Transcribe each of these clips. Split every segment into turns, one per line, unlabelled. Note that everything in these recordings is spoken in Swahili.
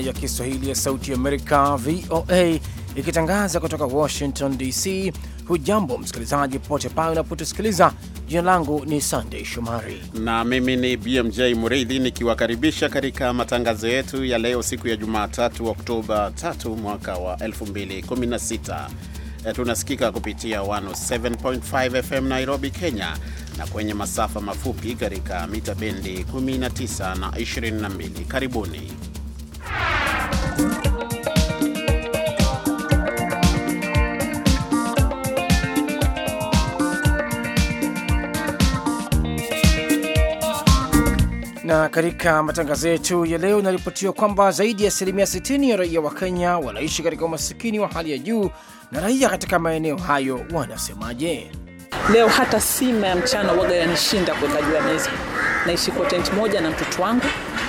idhaa ya Kiswahili ya Sauti Amerika, VOA, ikitangaza kutoka Washington DC. Hujambo msikilizaji, popote pale unapotusikiliza. Jina langu ni Sandey Shomari
na mimi ni BMJ Muridhi, nikiwakaribisha katika matangazo yetu ya leo, siku ya Jumatatu, Oktoba 3 mwaka wa 2016. E, tunasikika kupitia 107.5 FM Nairobi, Kenya, na kwenye masafa mafupi katika mita bendi 19 na 22. Karibuni.
Na katika matangazo yetu ya leo, inaripotiwa kwamba zaidi ya asilimia 60 ya raia wa Kenya wanaishi katika umasikini wa hali ya juu. Na raia katika maeneo hayo wanasemaje? Leo hata sima ya mchana waga yanishinda kuweka juu ya meza. Naishi kwa tenti moja
na mtoto wangu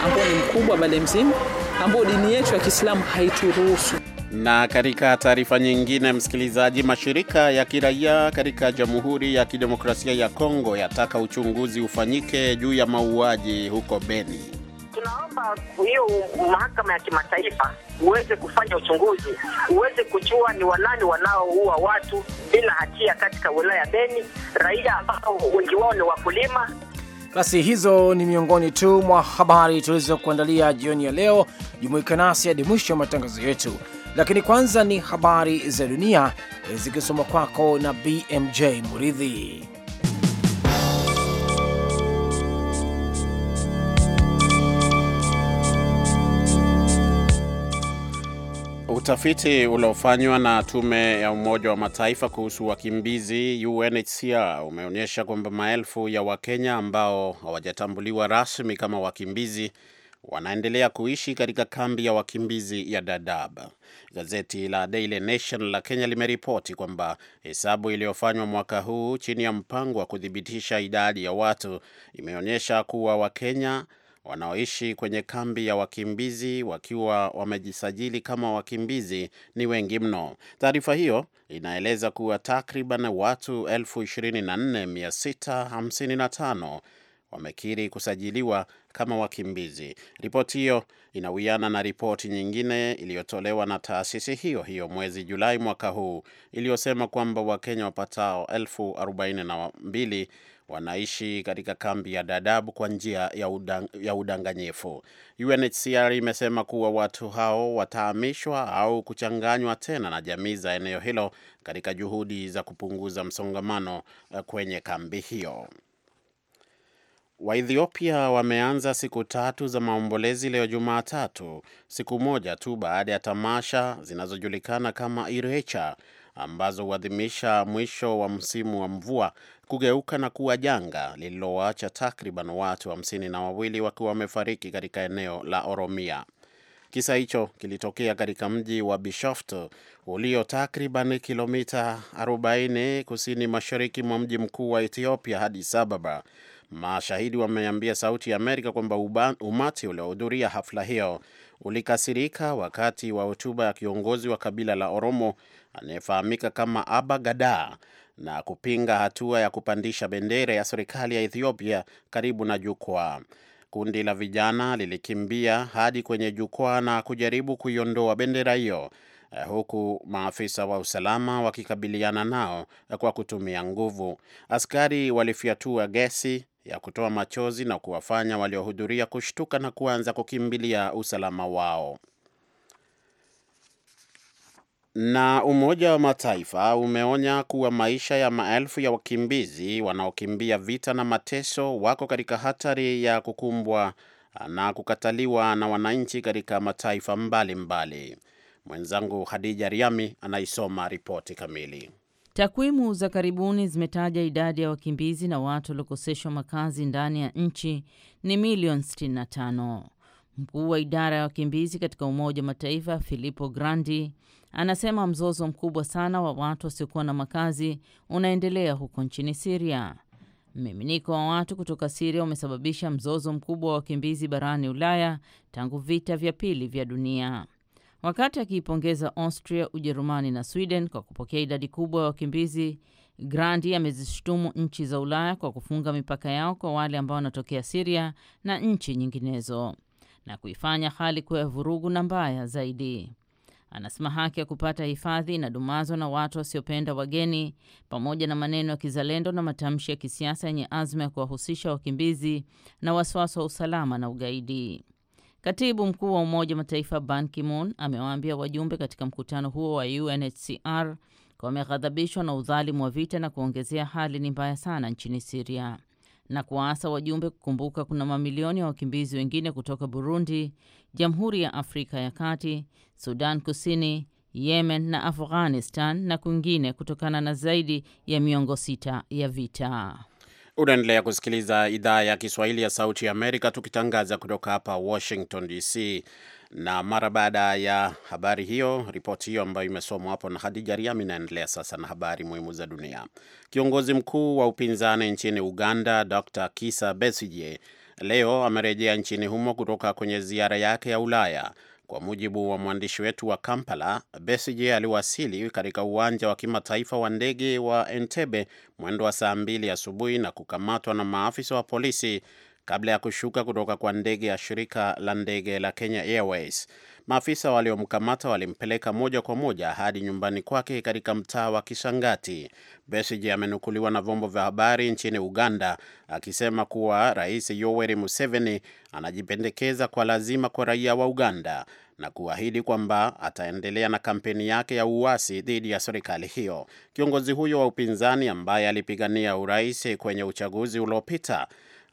ambao ni mkubwa bale mzima ambayo dini yetu ya Kiislamu haituruhusu.
Na katika taarifa nyingine, msikilizaji, mashirika ya kiraia katika Jamhuri ya Kidemokrasia ya Kongo yataka uchunguzi ufanyike juu ya mauaji huko Beni.
Tunaomba hiyo mahakama ya kimataifa uweze kufanya uchunguzi, uweze kujua ni wanani wanaoua watu bila hatia katika wilaya ya Beni, raia ambao wengi wao ni wakulima
basi hizo ni miongoni tu mwa habari tulizokuandalia jioni ya leo. Jumuika nasi hadi mwisho wa matangazo yetu, lakini kwanza ni habari za dunia eh, zikisoma kwako na BMJ Muridhi.
Utafiti uliofanywa na tume ya Umoja wa Mataifa kuhusu wakimbizi UNHCR umeonyesha kwamba maelfu ya Wakenya ambao hawajatambuliwa rasmi kama wakimbizi wanaendelea kuishi katika kambi ya wakimbizi ya Dadaab. Gazeti la Daily Nation la Kenya limeripoti kwamba hesabu iliyofanywa mwaka huu chini ya mpango wa kuthibitisha idadi ya watu imeonyesha kuwa Wakenya wanaoishi kwenye kambi ya wakimbizi wakiwa wamejisajili kama wakimbizi ni wengi mno. Taarifa hiyo inaeleza kuwa takriban watu 24655 wamekiri kusajiliwa kama wakimbizi. Ripoti hiyo inawiana na ripoti nyingine iliyotolewa na taasisi hiyo hiyo mwezi Julai mwaka huu iliyosema kwamba Wakenya wapatao elfu arobaini na mbili wanaishi katika kambi ya Dadaab kwa njia ya, udanganyifu. UNHCR imesema kuwa watu hao watahamishwa au kuchanganywa tena na jamii za eneo hilo katika juhudi za kupunguza msongamano eh, kwenye kambi hiyo. Waethiopia wameanza siku tatu za maombolezi leo Jumatatu, siku moja tu baada ya tamasha zinazojulikana kama Irecha ambazo huadhimisha mwisho wa msimu wa mvua kugeuka na kuwa janga lililowaacha takriban watu hamsini na wawili wakiwa wamefariki katika eneo la Oromia. Kisa hicho kilitokea katika mji wa Bishoftu ulio takriban kilomita 40 kusini mashariki mwa mji mkuu wa Ethiopia, Addis Ababa. Mashahidi wameambia Sauti ya Amerika kwamba umati uliohudhuria hafla hiyo ulikasirika wakati wa hotuba ya kiongozi wa kabila la Oromo anayefahamika kama Aba Gada na kupinga hatua ya kupandisha bendera ya serikali ya Ethiopia karibu na jukwaa. Kundi la vijana lilikimbia hadi kwenye jukwaa na kujaribu kuiondoa bendera hiyo eh, huku maafisa wa usalama wakikabiliana nao eh, kwa kutumia nguvu. Askari walifyatua gesi, ya kutoa machozi na kuwafanya waliohudhuria kushtuka na kuanza kukimbilia usalama wao. Na Umoja wa Mataifa umeonya kuwa maisha ya maelfu ya wakimbizi wanaokimbia vita na mateso wako katika hatari ya kukumbwa na kukataliwa na wananchi katika mataifa mbalimbali mbali. Mwenzangu Khadija Riami anaisoma ripoti kamili.
Takwimu za karibuni zimetaja idadi ya wakimbizi na watu waliokoseshwa makazi ndani ya nchi ni milioni 65. Mkuu wa idara ya wakimbizi katika Umoja wa Mataifa Filippo Grandi anasema mzozo mkubwa sana wa watu wasiokuwa na makazi unaendelea huko nchini Siria. Mmiminiko wa watu kutoka Siria umesababisha mzozo mkubwa wa wakimbizi barani Ulaya tangu vita vya pili vya dunia. Wakati akiipongeza Austria, Ujerumani na Sweden kwa kupokea idadi kubwa ya wakimbizi, Grandi amezishutumu nchi za Ulaya kwa kufunga mipaka yao kwa wale ambao wanatokea Siria na nchi nyinginezo na kuifanya hali kuwa ya vurugu na mbaya zaidi. Anasema haki ya kupata hifadhi inadumazwa na watu wasiopenda wageni, pamoja na maneno ya kizalendo na matamshi ya kisiasa yenye azma ya kuwahusisha wakimbizi na wasiwasi wa usalama na ugaidi. Katibu mkuu wa Umoja wa Mataifa Ban Ki-moon amewaambia wajumbe katika mkutano huo wa UNHCR wameghadhabishwa na udhalimu wa vita na kuongezea hali ni mbaya sana nchini Siria na kuwaasa wajumbe kukumbuka kuna mamilioni ya wakimbizi wengine kutoka Burundi, Jamhuri ya Afrika ya Kati, Sudan Kusini, Yemen na Afghanistan na kwingine kutokana na zaidi ya miongo sita ya vita.
Unaendelea kusikiliza idhaa ya Kiswahili ya Sauti ya Amerika, tukitangaza kutoka hapa Washington DC. Na mara baada ya habari hiyo, ripoti hiyo ambayo imesomwa hapo na Hadija Riami inaendelea sasa na habari muhimu za dunia. Kiongozi mkuu wa upinzani nchini Uganda, Dr Kisa Besige, leo amerejea nchini humo kutoka kwenye ziara yake ya Ulaya kwa mujibu wa mwandishi wetu wa Kampala, Besigye aliwasili katika uwanja wa kimataifa wa ndege wa Entebbe mwendo wa saa mbili asubuhi na kukamatwa na maafisa wa polisi kabla ya kushuka kutoka kwa ndege ya shirika la ndege la Kenya Airways. Maafisa waliomkamata walimpeleka moja kwa moja hadi nyumbani kwake katika mtaa wa Kishangati. Besigye amenukuliwa na vyombo vya habari nchini Uganda akisema kuwa Rais Yoweri Museveni anajipendekeza kwa lazima kwa raia wa Uganda na kuahidi kwamba ataendelea na kampeni yake ya uasi dhidi ya serikali hiyo. Kiongozi huyo wa upinzani ambaye alipigania urais kwenye uchaguzi uliopita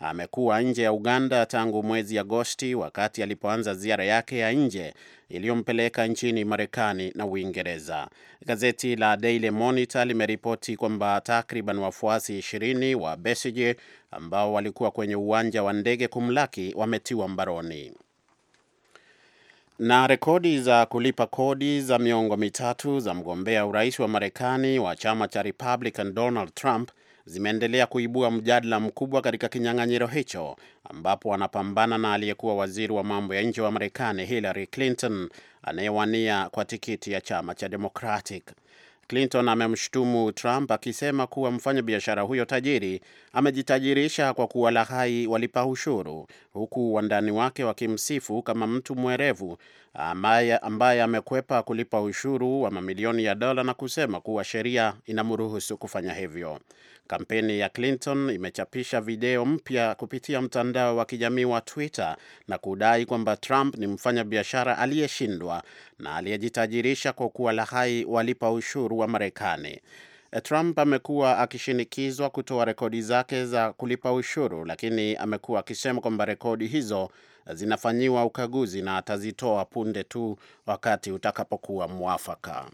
amekuwa nje ya Uganda tangu mwezi Agosti wakati alipoanza ziara yake ya nje iliyompeleka nchini Marekani na Uingereza. Gazeti la Daily Monitor limeripoti kwamba takriban wafuasi ishirini wa Besigye ambao walikuwa kwenye uwanja wa ndege kumlaki wametiwa mbaroni na rekodi za kulipa kodi za miongo mitatu za mgombea urais wa Marekani wa chama cha Republican Donald Trump zimeendelea kuibua mjadala mkubwa katika kinyang'anyiro hicho ambapo wanapambana na aliyekuwa waziri wa mambo ya nje wa Marekani Hillary Clinton anayewania kwa tikiti ya chama cha Democratic. Clinton amemshutumu Trump akisema kuwa mfanyabiashara huyo tajiri amejitajirisha kwa kuwalaghai walipa ushuru, huku wandani wake wakimsifu kama mtu mwerevu ambaye amekwepa kulipa ushuru wa mamilioni ya dola na kusema kuwa sheria inamruhusu kufanya hivyo. Kampeni ya Clinton imechapisha video mpya kupitia mtandao wa kijamii wa Twitter na kudai kwamba Trump ni mfanyabiashara aliyeshindwa na aliyejitajirisha kwa kuwa hai walipa ushuru wa Marekani. Eh, Trump amekuwa akishinikizwa kutoa rekodi zake za kulipa ushuru, lakini amekuwa akisema kwamba rekodi hizo zinafanyiwa ukaguzi na atazitoa punde tu wakati utakapokuwa mwafaka.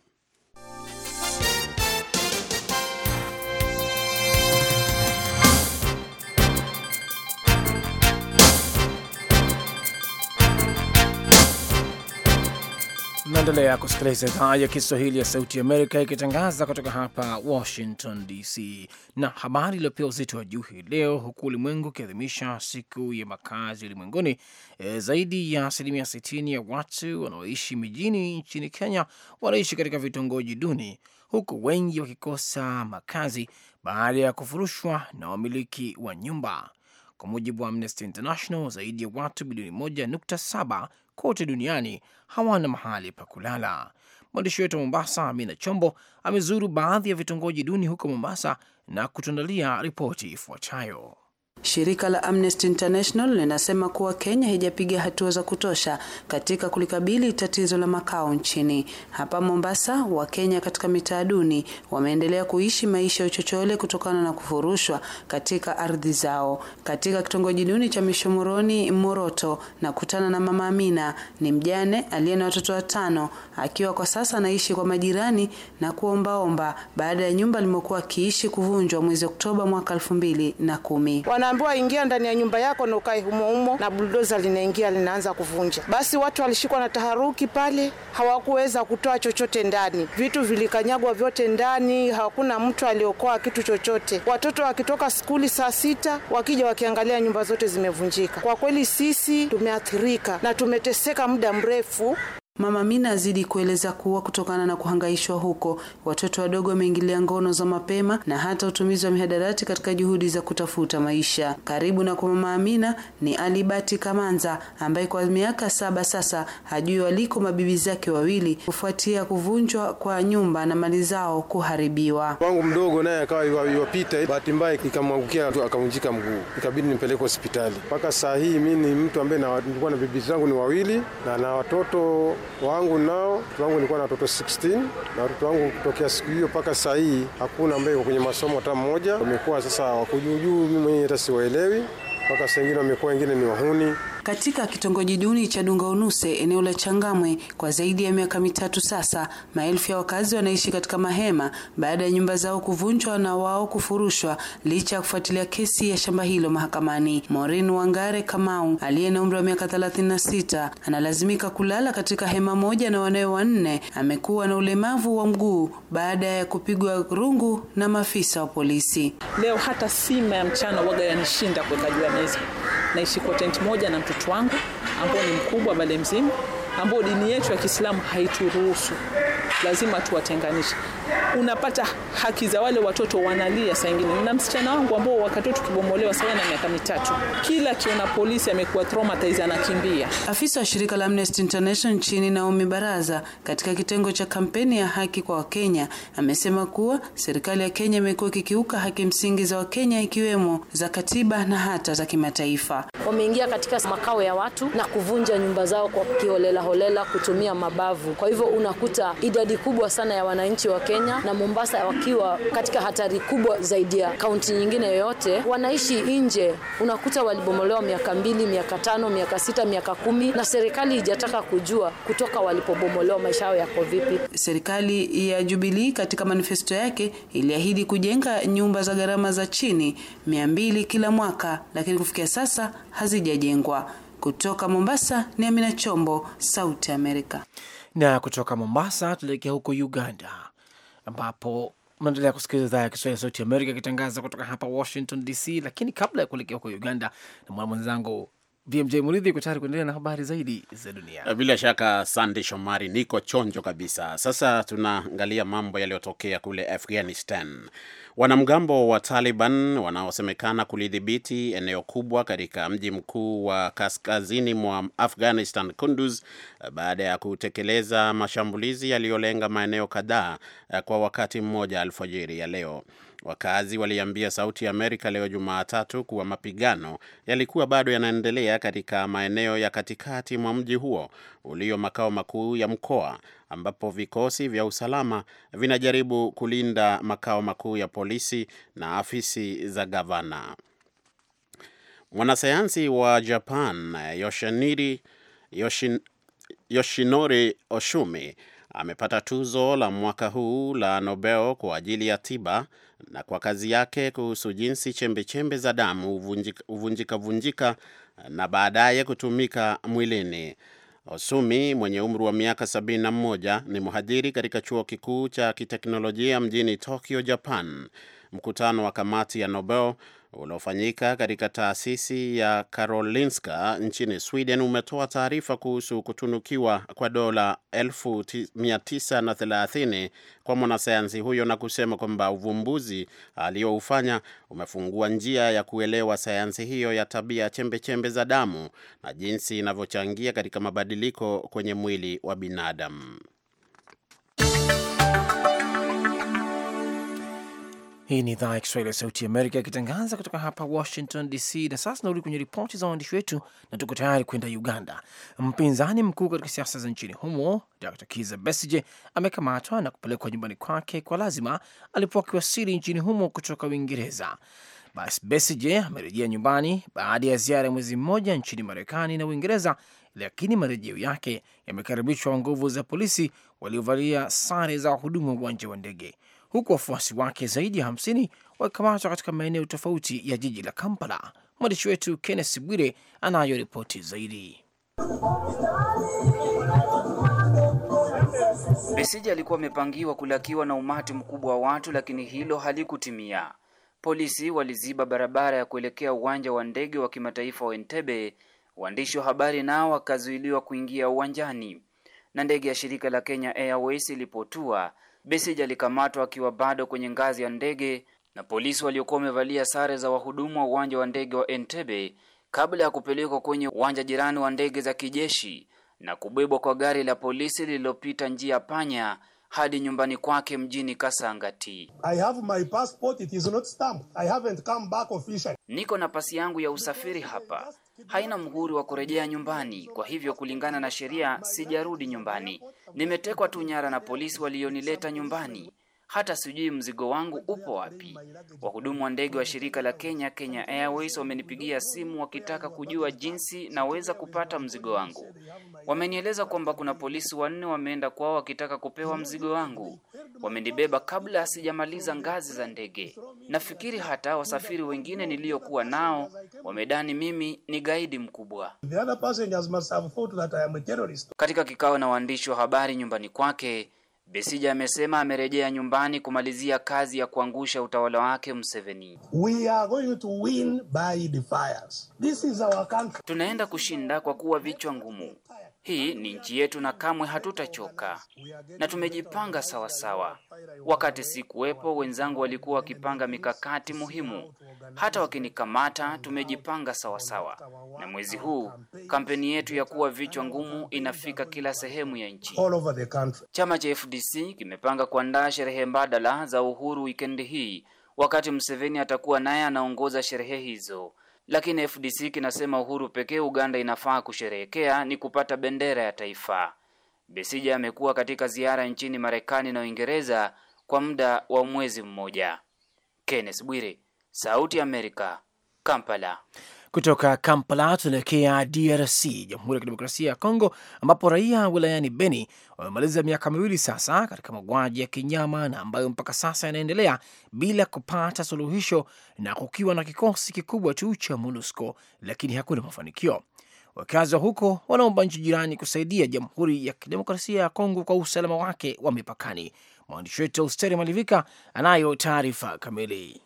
Naendelea kusikiliza idhaa ya Kiswahili ya Sauti Amerika ikitangaza kutoka hapa Washington DC, na habari iliyopewa uzito wa juu hii leo, huku ulimwengu ukiadhimisha siku ya makazi ulimwenguni. E, zaidi ya asilimia 60 ya watu wanaoishi mijini nchini Kenya wanaishi katika vitongoji duni, huku wengi wakikosa makazi baada ya kufurushwa na wamiliki wa nyumba. Kwa mujibu wa Amnesty International, zaidi ya watu bilioni 1.7 kote duniani hawana mahali pa kulala. Mwandishi wetu wa Mombasa, Amina Chombo, amezuru baadhi ya vitongoji duni huko Mombasa na kutuandalia ripoti ifuatayo.
Shirika la Amnesty International linasema kuwa Kenya haijapiga hatua za kutosha katika kulikabili tatizo la makao nchini. Hapa Mombasa, Wakenya katika mitaa duni wameendelea kuishi maisha ya uchochole kutokana na kufurushwa katika ardhi zao. Katika kitongoji duni cha Mishomoroni Moroto, na kutana na Mama Amina, ni mjane aliye na watoto watano, akiwa kwa sasa anaishi kwa majirani na kuombaomba baada ya nyumba alimokuwa akiishi kuvunjwa mwezi Oktoba mwaka elfu mbili na kumi. Wana unaambiwa ingia ndani ya nyumba yako na ukae humo humo, na buldoza linaingia linaanza kuvunja. Basi watu walishikwa na taharuki pale, hawakuweza kutoa chochote ndani, vitu vilikanyagwa vyote ndani, hakuna mtu aliokoa kitu chochote. Watoto wakitoka skuli saa sita wakija wakiangalia nyumba zote zimevunjika. Kwa kweli sisi tumeathirika na tumeteseka muda mrefu, Mama Mina azidi kueleza kuwa kutokana na kuhangaishwa huko, watoto wadogo wameingilia ngono za mapema na hata utumizi wa mihadarati katika juhudi za kutafuta maisha. Karibu na kwa Mama Amina ni Alibati Kamanza ambaye kwa miaka saba sasa hajui waliko mabibi zake wawili kufuatia kuvunjwa kwa nyumba na mali zao kuharibiwa.
Wangu mdogo naye akawa iwapita,
bahati mbaya ikamwangukia akavunjika mguu, ikabidi nimpeleke hospitali.
Mpaka saa hii mi ni mtu ambaye nilikuwa na bibi zangu ni wawili na na watoto wangu nao, watoto wangu nilikuwa na watoto 16 na watoto wangu kutokea siku hiyo mpaka saa hii hakuna ambaye iko kwenye masomo hata mmoja. Wamekuwa sasa wakujuujuu, mimi mwenyewe hata siwaelewi mpaka saa ingine wamekuwa wengine ni wahuni
katika kitongoji duni cha Dunga Unuse eneo la Changamwe. Kwa zaidi ya miaka mitatu sasa, maelfu ya wakazi wanaishi katika mahema baada ya nyumba zao kuvunjwa na wao kufurushwa, licha ya kufuatilia kesi ya shamba hilo mahakamani. Maureen Wangare Kamau aliye na umri wa miaka 36 analazimika kulala katika hema moja na wanawe wanne. Amekuwa na ulemavu wa mguu baada ya kupigwa rungu na maafisa wa polisi. Leo hata sima ya mchana waga yanishinda kuweka juu ya meza, naishi kwa tent moja na watoto wangu ambao ni mkubwa bale mzima, ambao dini yetu ya Kiislamu haituruhusu lazima tuwatenganishe. Unapata haki za wale watoto wanalia, saa ingine na msichana wangu ambao wakati tukibomolewa sawa na miaka mitatu, kila kiona polisi amekuwa traumatized anakimbia. Afisa wa shirika la Amnesty International nchini Naomi Baraza katika kitengo cha kampeni ya haki kwa Wakenya amesema kuwa serikali ya Kenya imekuwa ikikiuka haki msingi za Wakenya ikiwemo za katiba na hata za kimataifa.
Wameingia katika makao ya watu na kuvunja nyumba zao kwa kiholelaholela kutumia mabavu. Kwa hivyo unakuta idadi idadi kubwa sana ya wananchi wa Kenya na Mombasa wakiwa katika hatari kubwa zaidi ya kaunti nyingine yoyote. Wanaishi nje, unakuta walibomolewa miaka mbili, miaka tano, miaka sita, miaka kumi, na serikali ijataka kujua kutoka walipobomolewa maisha yao yako
vipi. Serikali ya Jubilee katika manifesto yake iliahidi kujenga nyumba za gharama za chini mia mbili kila mwaka, lakini kufikia sasa hazijajengwa.
Kutoka Mombasa ni Amina Chombo, Sauti Amerika. Na kutoka Mombasa tuelekea huko Uganda, ambapo mnaendelea kusikiliza idhaa ya Kiswahili ya Sauti Amerika ikitangaza kutoka hapa Washington DC. Lakini kabla ya kuelekea huko Uganda, namwona mwenzangu BMJ Muridhi yuko tayari kuendelea na habari zaidi za dunia.
Eh, bila shaka, Sande Shomari, niko chonjo kabisa. Sasa tunaangalia mambo yaliyotokea kule Afghanistan. Wanamgambo wa Taliban wanaosemekana kulidhibiti eneo kubwa katika mji mkuu wa kaskazini mwa Afghanistan, Kunduz, eh, baada ya kutekeleza mashambulizi yaliyolenga maeneo kadhaa eh, kwa wakati mmoja alfajiri ya leo. Wakazi waliambia Sauti ya Amerika leo Jumatatu kuwa mapigano yalikuwa bado yanaendelea katika maeneo ya katikati mwa mji huo ulio makao makuu ya mkoa, ambapo vikosi vya usalama vinajaribu kulinda makao makuu ya polisi na afisi za gavana. Mwanasayansi wa Japan Yoshinori Oshumi amepata tuzo la mwaka huu la Nobel kwa ajili ya tiba na kwa kazi yake kuhusu jinsi chembechembe za damu huvunjika vunjika, vunjika na baadaye kutumika mwilini. Osumi mwenye umri wa miaka 71 ni mhadhiri katika chuo kikuu cha kiteknolojia mjini Tokyo, Japan mkutano wa kamati ya Nobel uliofanyika katika taasisi ya Karolinska nchini Sweden umetoa taarifa kuhusu kutunukiwa kwa dola 1930 kwa mwanasayansi huyo na kusema kwamba uvumbuzi aliyoufanya umefungua njia ya kuelewa sayansi hiyo ya tabia chembechembe chembe za damu na jinsi inavyochangia katika mabadiliko kwenye mwili wa binadamu.
Hii ni idhaa ya Kiswahili ya Sauti Amerika ikitangaza kutoka hapa Washington DC. Na sasa narudi kwenye ripoti za waandishi wetu, na tuko tayari kwenda Uganda. Mpinzani mkuu katika siasa za nchini humo Dr Kiza Besige amekamatwa na kupelekwa nyumbani kwake kwa lazima alipokuwa akiwasili nchini humo kutoka Uingereza. bas Besige amerejea nyumbani baada ya ziara ya mwezi mmoja nchini Marekani na Uingereza, lakini marejeo yake yamekaribishwa nguvu za polisi waliovalia sare za wahudumu wa uwanja wa ndege huku wafuasi wake zaidi ya 50 wakikamatwa katika maeneo tofauti ya jiji la Kampala. Mwandishi wetu Kenneth Bwire anayo ripoti zaidi.
Besije
alikuwa amepangiwa kulakiwa na umati mkubwa wa watu, lakini hilo halikutimia. Polisi waliziba barabara ya kuelekea uwanja wa ndege wa kimataifa wa Entebbe. Waandishi wa habari nao wakazuiliwa kuingia uwanjani na ndege ya shirika la Kenya Airways ilipotua, Besigye alikamatwa akiwa bado kwenye ngazi ya ndege na polisi waliokuwa wamevalia sare za wahudumu wa uwanja wa ndege wa Entebbe kabla ya kupelekwa kwenye uwanja jirani wa ndege za kijeshi na kubebwa kwa gari la polisi lililopita njia panya hadi nyumbani kwake mjini Kasangati.
I have my passport, it is not stamped. I haven't come back officially.
Niko na pasi yangu ya usafiri hapa, haina mhuri wa kurejea nyumbani. Kwa hivyo, kulingana na sheria, sijarudi nyumbani. Nimetekwa tu nyara na polisi walionileta nyumbani hata sijui mzigo wangu upo wapi. Wahudumu wa ndege wa shirika la Kenya, Kenya Airways, wamenipigia simu wakitaka kujua jinsi naweza kupata mzigo wangu. Wamenieleza kwamba kuna polisi wanne wameenda kwao wakitaka kupewa mzigo wangu. Wamenibeba kabla sijamaliza ngazi za ndege. Nafikiri hata wasafiri wengine niliyokuwa nao wamedani mimi ni gaidi mkubwa. Katika kikao na waandishi wa habari nyumbani kwake Besija amesema amerejea nyumbani kumalizia kazi ya kuangusha utawala wake Museveni.
We are going to win by the fires. This is our country. Tunaenda
kushinda kwa kuwa vichwa ngumu. Hii ni nchi yetu na kamwe hatutachoka, na tumejipanga sawasawa. Wakati sikuwepo, wenzangu walikuwa wakipanga mikakati muhimu. Hata wakinikamata, tumejipanga sawasawa. Na mwezi huu kampeni yetu ya kuwa vichwa ngumu inafika kila sehemu ya nchi. Chama cha FDC kimepanga kuandaa sherehe mbadala za uhuru wikendi hii, wakati Museveni atakuwa naye anaongoza sherehe hizo lakini FDC kinasema uhuru pekee Uganda inafaa kusherehekea ni kupata bendera ya taifa. Besija amekuwa katika ziara nchini Marekani na Uingereza kwa muda wa mwezi mmoja. Kenneth Bwire, Sauti ya Amerika, Kampala.
Kutoka Kampala tunaelekea DRC, Jamhuri ya Kidemokrasia ya Kongo, ambapo raia wilayani Beni wamemaliza miaka miwili sasa katika mauaji ya kinyama na ambayo mpaka sasa yanaendelea bila kupata suluhisho na kukiwa na kikosi kikubwa tu cha MONUSCO, lakini hakuna mafanikio. Wakazi wa huko wanaomba nchi jirani kusaidia Jamhuri ya Kidemokrasia ya Kongo kwa usalama wake wa mipakani. Mwandishi wetu Austeri Malivika anayo taarifa kamili.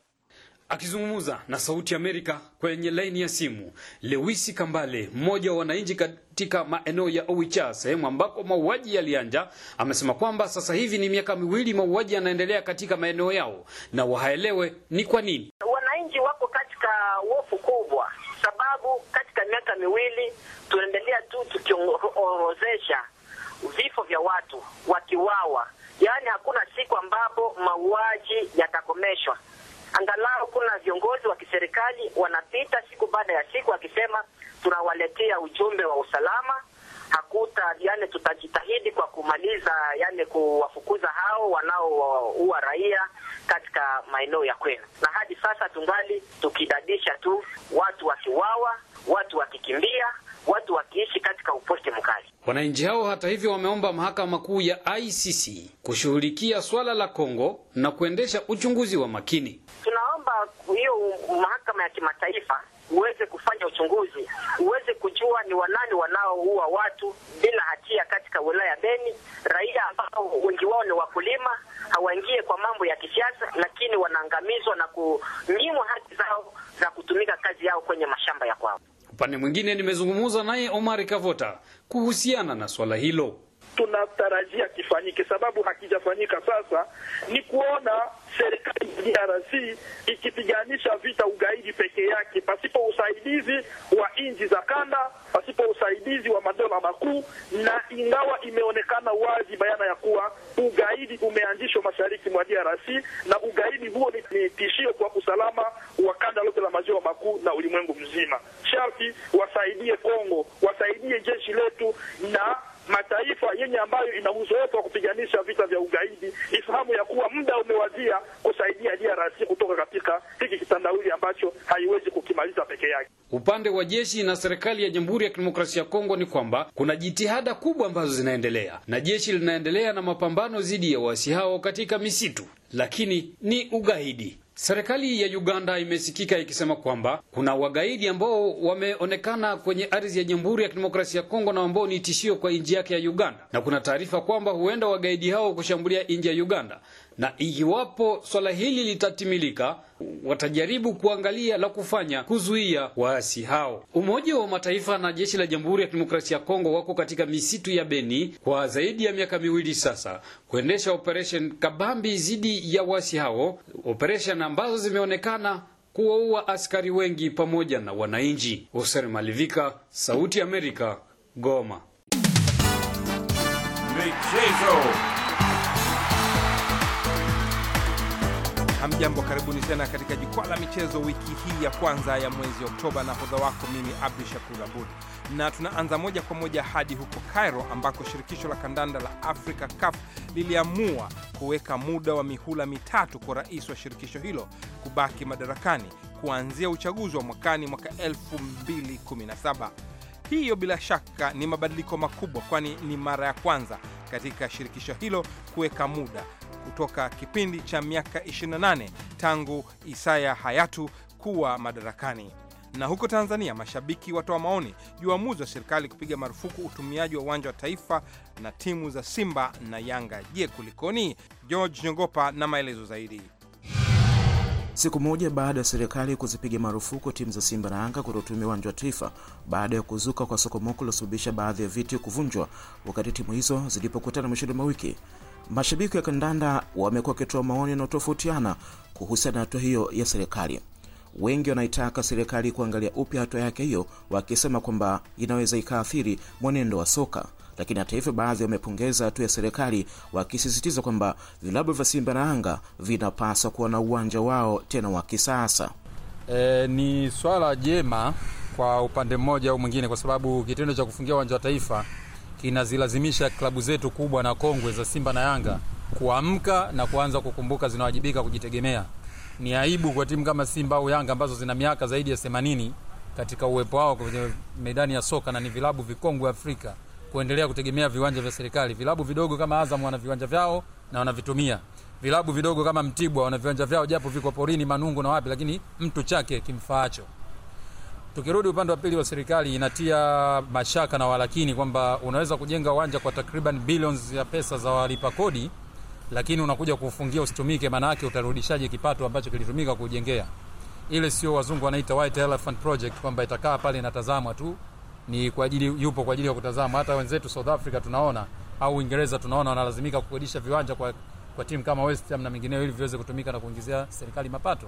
Akizungumza na Sauti ya Amerika kwenye laini ya simu, Lewisi Kambale, mmoja wa wananchi katika maeneo ya Owicha, sehemu ambako mauaji yalianza, amesema kwamba sasa hivi ni miaka miwili mauaji yanaendelea katika maeneo yao na wahaelewe ni kwa nini.
Wananchi wako katika hofu kubwa, sababu katika miaka miwili tunaendelea tu tukiorozesha vifo vya watu wakiwawa, yaani hakuna siku ambapo mauaji yatakomeshwa angalau kuna viongozi wa kiserikali wanapita siku baada ya siku akisema tunawaletea ujumbe wa usalama hakuta yani, tutajitahidi kwa kumaliza yani, kuwafukuza hao wanaoua raia katika maeneo ya kwenu, na hadi sasa tungali tukidadisha tu, watu wakiwawa, watu wakikimbia watu wakiishi katika upote mkali.
Wananchi hao hata hivyo wameomba mahakama kuu ya ICC kushughulikia swala la Kongo na kuendesha uchunguzi wa makini.
Tunaomba hiyo mahakama ya kimataifa uweze kufanya uchunguzi, uweze kujua ni wanani wanaoua watu bila hatia katika wilaya ya Beni, raia ambao wengi wao ni wakulima, hawaingie kwa mambo ya kisiasa, lakini wanaangamizwa na kunyimwa haki zao
za kutumika kazi yao kwenye mashamba ya kwao. Upande mwingine nimezungumza naye Omar Kavota kuhusiana na swala hilo
tunatarajia kifanyike, sababu hakijafanyika. Sasa ni kuona serikali ya DRC ikipiganisha vita ugaidi peke yake pasipo usaidizi wa nchi za kanda, pasipo usaidizi wa madola makuu, na ingawa imeonekana wazi bayana ya kuwa ugaidi umeanzishwa mashariki mwa DRC na ugaidi huo ni tishio kwa usalama wa kanda lote la maziwa makuu na ulimwengu mzima. Sharti wasaidie Kongo, wasaidie jeshi letu na mataifa yenye ambayo ina uzoefu wa kupiganisha vita vya ugaidi ifahamu ya kuwa muda umewadia kusaidia DRC kutoka katika hiki kitandawili
ambacho haiwezi kukimaliza peke yake. Upande wa jeshi na serikali ya Jamhuri ya Kidemokrasia ya Kongo ni kwamba kuna jitihada kubwa ambazo zinaendelea na jeshi linaendelea na mapambano dhidi ya waasi hao katika misitu, lakini ni ugaidi Serikali ya Uganda imesikika ikisema kwamba kuna wagaidi ambao wameonekana kwenye ardhi ya Jamhuri ya Kidemokrasia ya Kongo na ambao ni tishio kwa nchi yake ya Uganda, na kuna taarifa kwamba huenda wagaidi hao kushambulia nchi ya Uganda na iwapo swala hili litatimilika, watajaribu kuangalia la kufanya kuzuia waasi hao. Umoja wa Mataifa na jeshi la Jamhuri ya Kidemokrasia ya Kongo wako katika misitu ya Beni kwa zaidi ya miaka miwili sasa kuendesha operesheni kabambi dhidi ya waasi hao, operesheni ambazo zimeonekana kuwaua askari wengi pamoja na wananchi. Hoser Malivika, Sauti ya Amerika,
Goma. Michezo. jambo karibuni tena katika jukwaa la michezo wiki hii ya kwanza ya mwezi Oktoba na hodha wako mimi Abdu Shakur Abud, na tunaanza moja kwa moja hadi huko Cairo ambako shirikisho la kandanda la Afrika CAF liliamua kuweka muda wa mihula mitatu kwa rais wa shirikisho hilo kubaki madarakani kuanzia uchaguzi wa mwakani mwaka 2017. Hiyo bila shaka ni mabadiliko makubwa, kwani ni mara ya kwanza katika shirikisho hilo kuweka muda kutoka kipindi cha miaka 28 tangu Isaya Hayatu kuwa madarakani. Na huko Tanzania, mashabiki watoa maoni juu ya uamuzi wa serikali kupiga marufuku utumiaji wa uwanja wa taifa na timu za Simba na Yanga. Je, kulikoni? George Nyogopa na maelezo zaidi.
Siku moja baada ya serikali kuzipiga marufuku timu za Simba na Yanga kutotumia uwanja wa Taifa baada ya kuzuka kwa sokomoko lilosababisha baadhi ya viti kuvunjwa wakati timu hizo zilipokutana mwishoni mwa wiki, mashabiki ya kandanda wamekuwa wakitoa maoni yanayotofautiana kuhusiana na hatua hiyo ya serikali. Wengi wanaitaka serikali kuangalia upya hatua yake hiyo, wakisema kwamba inaweza ikaathiri mwenendo wa soka. Lakini hata hivyo, baadhi wamepongeza hatua ya serikali wakisisitiza kwamba vilabu vya Simba na Yanga vinapaswa kuwa na uwanja wao tena wa kisasa.
E, ni swala jema kwa upande mmoja au mwingine, kwa sababu kitendo cha kufungia uwanja wa Taifa kinazilazimisha klabu zetu kubwa na kongwe za Simba na Yanga kuamka na kuanza kukumbuka zinawajibika kujitegemea. Ni aibu kwa timu kama Simba au Yanga ambazo zina miaka zaidi ya 80 katika uwepo wao kwenye medani ya soka na ni vilabu vikongwe Afrika kuendelea kutegemea viwanja vya serikali. Vilabu vidogo kama Azam wana viwanja vyao na wanavitumia. Vilabu vidogo kama Mtibwa wana viwanja vyao japo viko porini, Manungu na wapi, lakini mtu chake kimfaacho. Tukirudi upande wa pili wa serikali, inatia mashaka na walakini kwamba unaweza kujenga uwanja kwa takriban bilioni ya pesa za walipa kodi, lakini unakuja kuufungia usitumike. Maana yake utarudishaje kipato ambacho kilitumika kujengea? Ile sio wazungu wanaita white elephant project, kwamba itakaa pale inatazamwa tu ni kwa ajili yupo kwa ajili ya kutazama. Hata wenzetu South Africa tunaona au Uingereza tunaona wanalazimika kukodisha viwanja kwa, kwa timu kama West Ham na mingineyo ili viweze kutumika na kuingizia serikali mapato.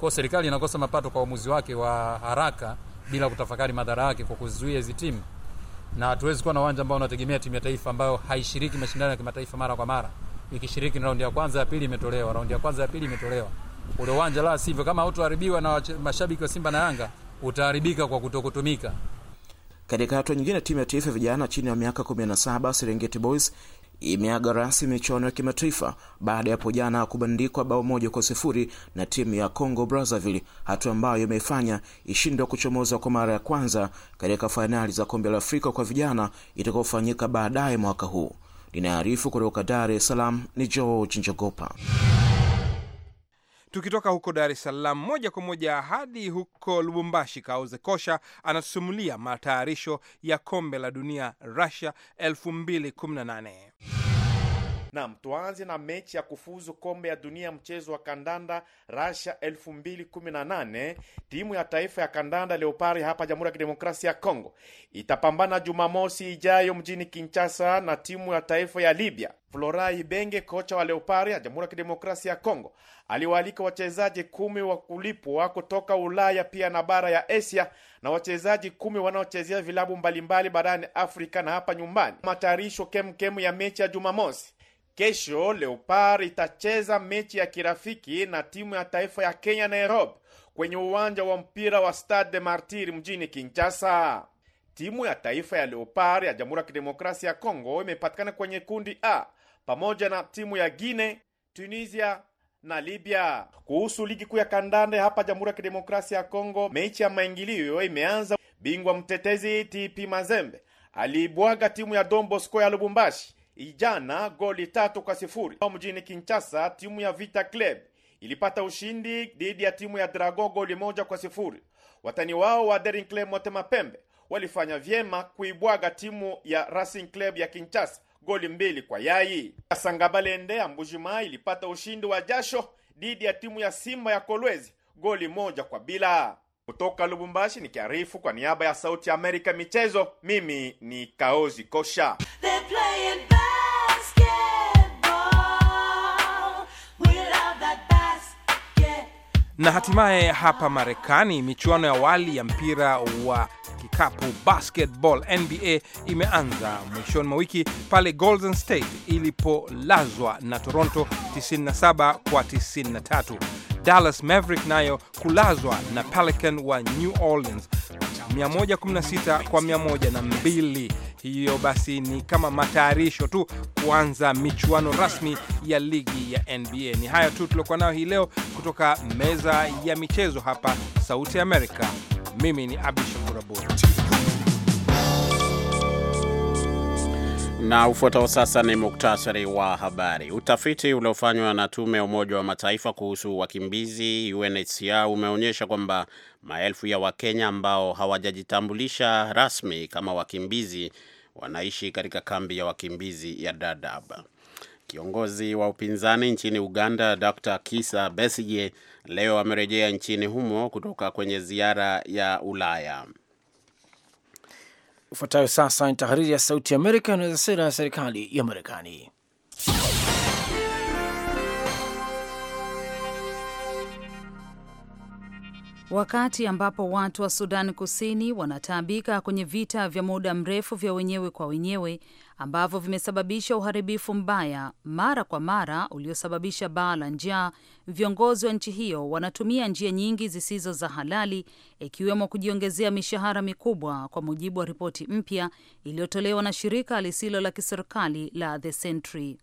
Kwa serikali inakosa mapato kwa uamuzi wake wa haraka bila kutafakari madhara yake kwa kuzizuia hizi timu, na hatuwezi kuwa na uwanja ambao unategemea timu ya taifa ambayo haishiriki mashindano ya kimataifa mara kwa mara. Ikishiriki na raundi ya kwanza ya pili imetolewa, raundi ya kwanza ya pili imetolewa ule uwanja, la sivyo kama hautoharibiwa na mashabiki wa Simba na Yanga utaharibika kwa kutokutumika.
Katika hatua nyingine, timu ya taifa ya vijana chini ya miaka 17 Serengeti Boys imeaga rasmi michuano ya kimataifa baada ya hapo jana kubandikwa bao moja kwa sifuri na timu ya Congo Brazzaville, hatua ambayo imeifanya ishindwa kuchomoza kwa mara ya kwanza katika fainali za kombe la Afrika kwa vijana itakayofanyika baadaye mwaka huu. Ninaarifu kutoka Dar es Salaam ni George Njogopa.
Tukitoka huko Dar es Salaam moja kwa moja hadi huko Lubumbashi, Kaoze Kosha anatusimulia matayarisho ya kombe la dunia Russia 2018. Nam, tuanze
na mechi ya kufuzu kombe ya dunia mchezo wa kandanda Russia 2018. Timu ya taifa ya kandanda leopari hapa Jamhuri ya Kidemokrasia ya Kongo itapambana Jumamosi ijayo mjini Kinshasa na timu ya taifa ya Libya. Florai Benge, kocha wa leopari ya Jamhuri ya Kidemokrasia ya Kongo, aliwaalika wachezaji kumi wa kulipwa kutoka Ulaya pia na bara ya Asia na wachezaji kumi wanaochezea vilabu mbalimbali barani Afrika na hapa nyumbani. Matayarisho kemkemu ya mechi ya Jumamosi Kesho Leopard itacheza mechi ya kirafiki na timu ya taifa ya Kenya Nairobi kwenye uwanja wa mpira wa Stade de martir mjini Kinshasa. Timu ya taifa ya Leopard ya Jamhuri ya Kidemokrasia ya congo imepatikana kwenye kundi A pamoja na timu ya guine Tunisia na Libya. Kuhusu ligi kuu ya kandande hapa Jamhuri ya Kidemokrasia ya congo mechi ya maingilio imeanza. Bingwa mtetezi TP Mazembe aliibwaga timu ya dombosco ya Lubumbashi Ijana goli tatu kwa sifuri mjini Kinshasa, timu ya Vita Club ilipata ushindi dhidi ya timu ya Drago goli moja kwa sifuri. Watani wao wa Daring Club Motema Pembe walifanya vyema kuibwaga timu ya Racing Club ya Kinshasa goli mbili kwa yai. Sangabalende ya Mbujimai ilipata ushindi wa jasho dhidi ya timu ya Simba ya Kolwezi goli moja kwa bila. Kutoka Lubumbashi nikiarifu kwa niaba ya Sauti ya Amerika michezo, mimi ni Kaozi Kosha.
Na hatimaye hapa Marekani, michuano ya awali ya mpira wa kikapu basketball NBA imeanza mwishoni mwa wiki pale Golden State ilipolazwa na Toronto 97 kwa 93, Dallas Maverick nayo kulazwa na Pelican wa New Orleans 116 kwa 102. Hiyo basi ni kama matayarisho tu kuanza michuano rasmi ya ligi ya NBA. Ni hayo tu tuliokuwa nayo hii leo kutoka meza ya michezo hapa Sauti Amerika. Mimi ni Abdu Shakur Abud.
Na ufuatao sasa ni muktasari wa habari. Utafiti uliofanywa na tume ya Umoja wa Mataifa kuhusu wakimbizi UNHCR umeonyesha kwamba Maelfu ya Wakenya ambao hawajajitambulisha rasmi kama wakimbizi wanaishi katika kambi ya wakimbizi ya Dadaab. Kiongozi wa upinzani nchini Uganda Dr. Kisa Besige leo amerejea nchini humo kutoka kwenye ziara ya Ulaya.
Ifuatayo sasa ni tahariri ya Sauti ya Amerika inaweza sera ya serikali ya Marekani.
Wakati ambapo watu wa Sudan Kusini wanataabika kwenye vita vya muda mrefu vya wenyewe kwa wenyewe ambavyo vimesababisha uharibifu mbaya mara kwa mara uliosababisha baa la njaa, viongozi wa nchi hiyo wanatumia njia nyingi zisizo za halali, ikiwemo kujiongezea mishahara mikubwa, kwa mujibu wa ripoti mpya iliyotolewa na shirika lisilo la kiserikali la The Sentry.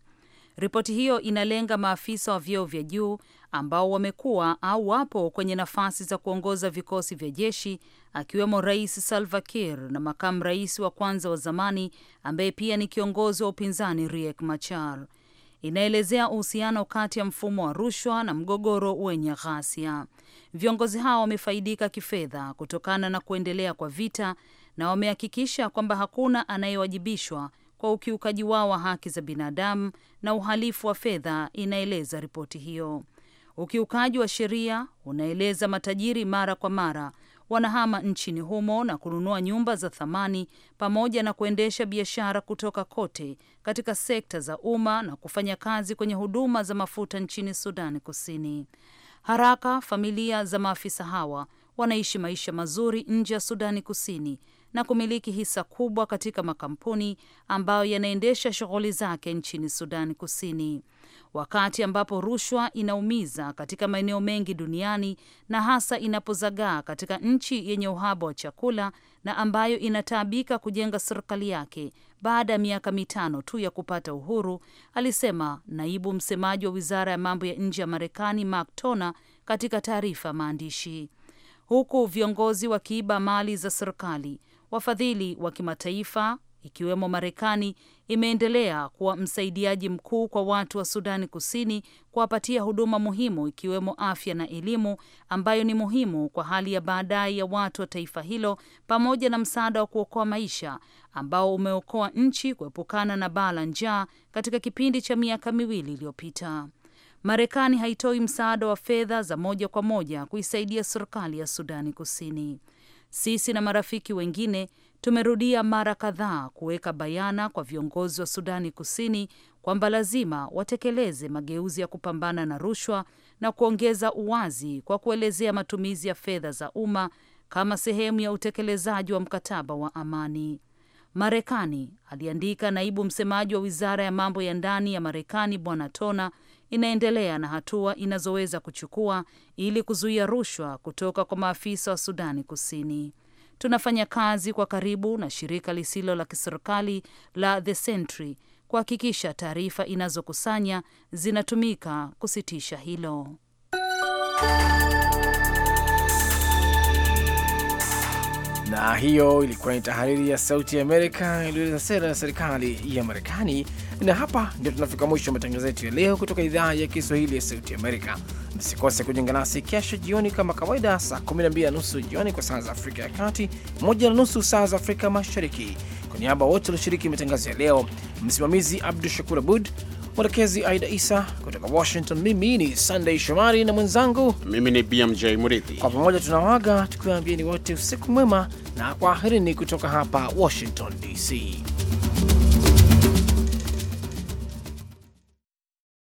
Ripoti hiyo inalenga maafisa wa vyeo vya juu ambao wamekuwa au wapo kwenye nafasi za kuongoza vikosi vya jeshi akiwemo Rais Salva Kiir na makamu rais wa kwanza wa zamani ambaye pia ni kiongozi wa upinzani Riek Machar. Inaelezea uhusiano kati ya mfumo wa rushwa na mgogoro wenye ghasia. Viongozi hao wamefaidika kifedha kutokana na kuendelea kwa vita na wamehakikisha kwamba hakuna anayewajibishwa kwa ukiukaji wao wa haki za binadamu na uhalifu wa fedha, inaeleza ripoti hiyo. Ukiukaji wa sheria unaeleza matajiri mara kwa mara wanahama nchini humo na kununua nyumba za thamani pamoja na kuendesha biashara kutoka kote katika sekta za umma na kufanya kazi kwenye huduma za mafuta nchini Sudani Kusini. Haraka familia za maafisa hawa wanaishi maisha mazuri nje ya Sudani Kusini na kumiliki hisa kubwa katika makampuni ambayo yanaendesha shughuli zake nchini Sudan Kusini. Wakati ambapo rushwa inaumiza katika maeneo mengi duniani na hasa inapozagaa katika nchi yenye uhaba wa chakula na ambayo inataabika kujenga serikali yake baada ya miaka mitano tu ya kupata uhuru, alisema naibu msemaji wa wizara ya mambo ya nje ya Marekani Mark Toner katika taarifa maandishi, huku viongozi wakiiba mali za serikali Wafadhili wa kimataifa ikiwemo Marekani imeendelea kuwa msaidiaji mkuu kwa watu wa Sudani Kusini kuwapatia huduma muhimu ikiwemo afya na elimu ambayo ni muhimu kwa hali ya baadaye ya watu wa taifa hilo pamoja na msaada wa kuokoa maisha ambao umeokoa nchi kuepukana na baa la njaa katika kipindi cha miaka miwili iliyopita. Marekani haitoi msaada wa fedha za moja kwa moja kuisaidia serikali ya Sudani Kusini. Sisi na marafiki wengine tumerudia mara kadhaa kuweka bayana kwa viongozi wa Sudani Kusini kwamba lazima watekeleze mageuzi ya kupambana na rushwa na kuongeza uwazi kwa kuelezea matumizi ya fedha za umma kama sehemu ya utekelezaji wa mkataba wa amani. Marekani, aliandika naibu msemaji wa wizara ya mambo ya ndani ya Marekani Bwana Tona inaendelea na hatua inazoweza kuchukua ili kuzuia rushwa kutoka kwa maafisa wa Sudani Kusini. Tunafanya kazi kwa karibu na shirika lisilo la kiserikali la The Sentry kuhakikisha taarifa inazokusanya zinatumika kusitisha hilo.
Na hiyo ilikuwa ni tahariri ya Sauti ya Amerika iliyoeleza sera ya serikali ya Marekani. Na hapa ndio tunafika mwisho wa matangazo yetu ya leo kutoka idhaa ya Kiswahili ya Sauti Amerika. Msikose kujiunga nasi kesho jioni kama kawaida, saa 12 na nusu jioni kwa saa za Afrika ya Kati, moja na nusu saa za Afrika Mashariki. Kwa niaba wote walioshiriki matangazo ya leo, msimamizi Abdu Shakur Abud, Mwelekezi Aida Isa kutoka Washington. Mimi ni Sunday Shomari na mwenzangu
mimi ni BMJ Murithi.
Kwa pamoja tunawaga tukiwaambieni wote usiku mwema na kwaherini kutoka hapa Washington
DC.